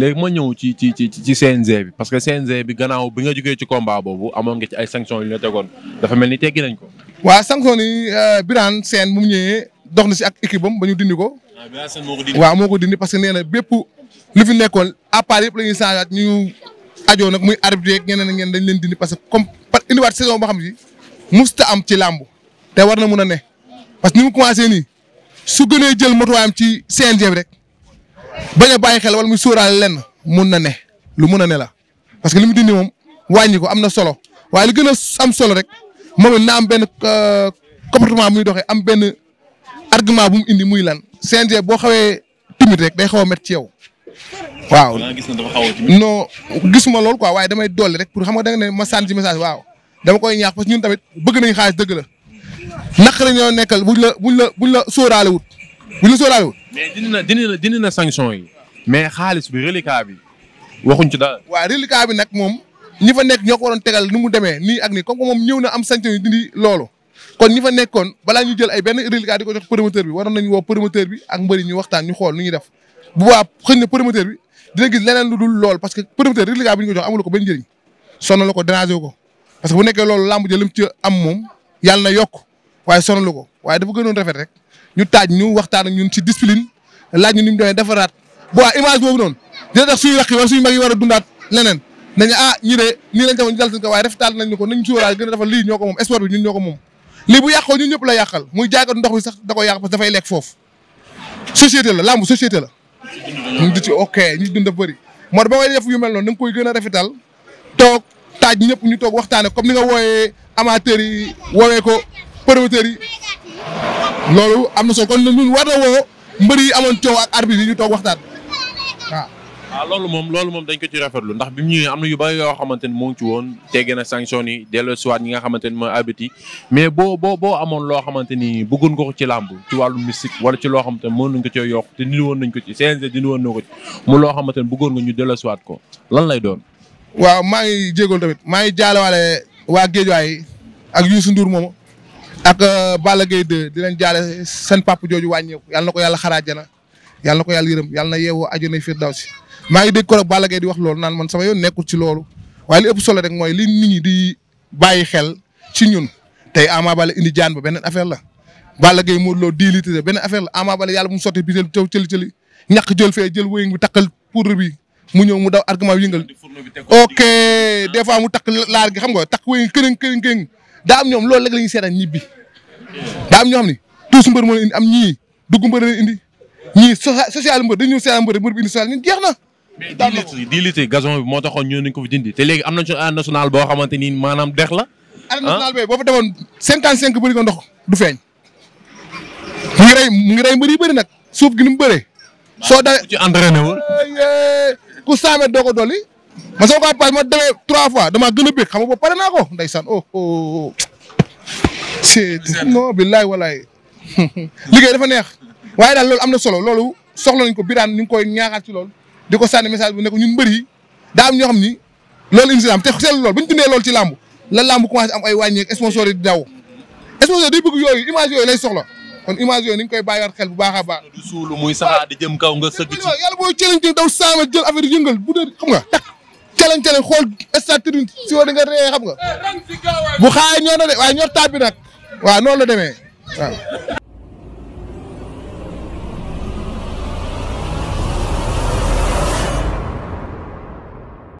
léegi ma ñëw ci ci ci ci CNG bi parce que CNG bi gannaaw bi nga jógee ci combat boobu amoon nga ay sanctions yu la tegoon dafa mel ni teggi nañ ko. waaw sanctions yi euh, Birane Sène bu mu ñëwee dox na si ak équipe am ba ñu dindi ko. Ah, waaw Birane moo ko dindi. parce que nee na bépp lu fi nekkoon à part yëpp la ñuy ñu ajoo nag muy arbitre yeeg ñeneen ak dañ leen dindi que comme par indiwaat saison boo xam si musta am ci làmb te war na mun a ne parce que ni mu commencé nii su gënee jël motuwaayam ci CNG bi rek. bañ a bàyyi xel wala muy sóoraale lenn mun na ne lu mun a ne la parce que li mu dindi moom wàññi ko am na solo waaye lu gën a am solo rek moom it na am benn euh, comportement muy doxee am benn argument bu mu indi muy lan CNG boo xawee timide rek day xaw a métti ci yow. waaw gis na dafa xaw a timide non gisuma loolu quoi waaye damay dolli rek pour xam nga da ne ma sànni ci message waaw dama koy ñaax parce que ñun tamit bëgg nañ xaalis dëgg la naka la ñoo nekkal buñ la buñ la buñ la sóoraale wut bu ñu sóoraale woon. mais dindi na dindi na dindi na sanction yi. mais xaalis bi reliquat bi waxuñ ci dara. waaw reliquat bi nag moom ñi fa nekk ñoo ko waroon tegal ni mu demee ni ak nii comme que moom ñëw na am sanction yi dindi loolu. kon ñi fa nekkoon balaa ñu jël ay benn reliquat di ko jox promoteur bi waroon nañu woo promoteur bi ak mbëri ñu waxtaan ñu xool nu ñuy bi dina gis leneen lu dul lool parce que promoteur reliquat bi ñu ko jox amul ko benn njëriñ sonal ko déranger ko parce que bu nekkee loolu làmb jël lim ci am moom yàlla na yokk waaye sonal ko waaye dafa gënoon rafet rek ñu taaj ñu waxtaan ak ñun ci discipline laaj ñu ni mu demee defaraat bu waa image boobu noonu dina tax suñu rakk yi wala suñu mag yi war a dundaat leneen nañu ah ñi de nii lañ demoon ñu dal seen ko waaye rafetal nañ ñu ko nañ suuraal gën a defal lii ñoo ko moom sport bi ñun ñoo ko moom lii bu yàqoo ñun ñëpp la yàqal muy jaagat ndox bi sax da ko yàq parce que dafay lekk foofu société la lamb société la ñu di ci ok ñu dund daf bëri moo ba ngay def yu mel noonu da nga koy gën a rafetal taaj ñëpp ñu toog waxtaane comme ni nga wooyee amateurs yi woowee ko promoteurs yi loolu am na solo kon ñun war na woo mbër yi amoon coow ak arbitre yi ñu toog waxtaan waaw. waaw ah, loolu moom loolu moom dañ ko ci rafetlu ndax bi mu ñëwee am na yu bëri yoo xamante ni moo ngi ci woon tegge na sanction yi delloo siwaat ñi nga xamante ni mooy arbitre yi mais boo boo boo amoon loo xamante ni bëggoon nga ko ci làmb ci wàllu mystique wala ci loo xamante ni mën nañ ko cee yokk te dindi woon nañ ko ci CNG dindi woon na ko ci mu loo xamante ni bëggoon nga ñu delloo siwaat ko lan lay doon. waaw maa ngi jéegoon tamit maa ngi jaalewaale waa Géejawaay ak Youssou Ndour moom ak euh, Balla Gaye leen jaale seen papp jooju wàññeeku yàlla na ko yàlla xaraajana yàlla na ko yàlla yërëm yàlla na yeewoo ajjana si maa ngi dégg ko rek Balla Gaye di wax loolu naan man sama yoon nekkul ci loolu waaye li ëpp solo rek mooy li nit ñi di bàyyi xel ci ñun tey Ama bala indi jaan ba beneen affaire la Balla Gaye Modou Lo dii litre beneen affaire la Ama Baldé yàlla mu sotti bi jël cëli cëli ñàkk jël fee jël wëyëng bi takkal poudre bi mu ñëw mu daw argument yëngal ok des fois mu takk laar xam nga takk wëyëng këriñ këriñ daa am ñoom loolu rek la ñuy seetaan ñibbi daa am moo leen indi am ñii dugg mbër indi ñii social mbër dañu ñëw social mbër mbër bi indi social ñun na. daan na bi moo taxoon ñu nañ ko fi dindi te léegi am nañu arène nationale boo xamante ni maanaam dex la. arène ah. nationale bee boo fa demoon 55 bëri ko ndox du feeñ. mu ngi rey mu ngi rey mbër yi bëri nag suuf gi ni mu bëree. soo demee ci entraîné wu. ku 100 mètres doo ko dolli. ma soo ko appaay ma demee trois fois damaa gën a bëgg xam nga boobu pare naa ko ndeysaan oh oh. oh. si non billaay walaay liggéey dafa neex waaye daal loolu am na solo loolu soxla nañ ko biraan ñu ngi koy ñaaxaat ci loolu di ko sànni message bu ne ko ñun mbër yi daa ñoo xam ni loolu indi si làmb te seetlu loolu bu ñu dundee loolu ci làmb la làmb commencé am ay wàññeek sponsor yi di daw sponsor day bëgg yooyu image yooyu lay soxla kon image yooyu ni nga koy bàyyiwaat xel bu baax a baax. du suulu muy saxaar di jëm kaw nga sëgg ci. yàlla booy challenge daw saa ma jël affaire yëngal bu dee xam nga. tak challenge challenge xool stade tribune si woo di nga ree xam nga eh, bu xaayee ñor na de waaye ñor bi nag waaw noonu la demee waaw.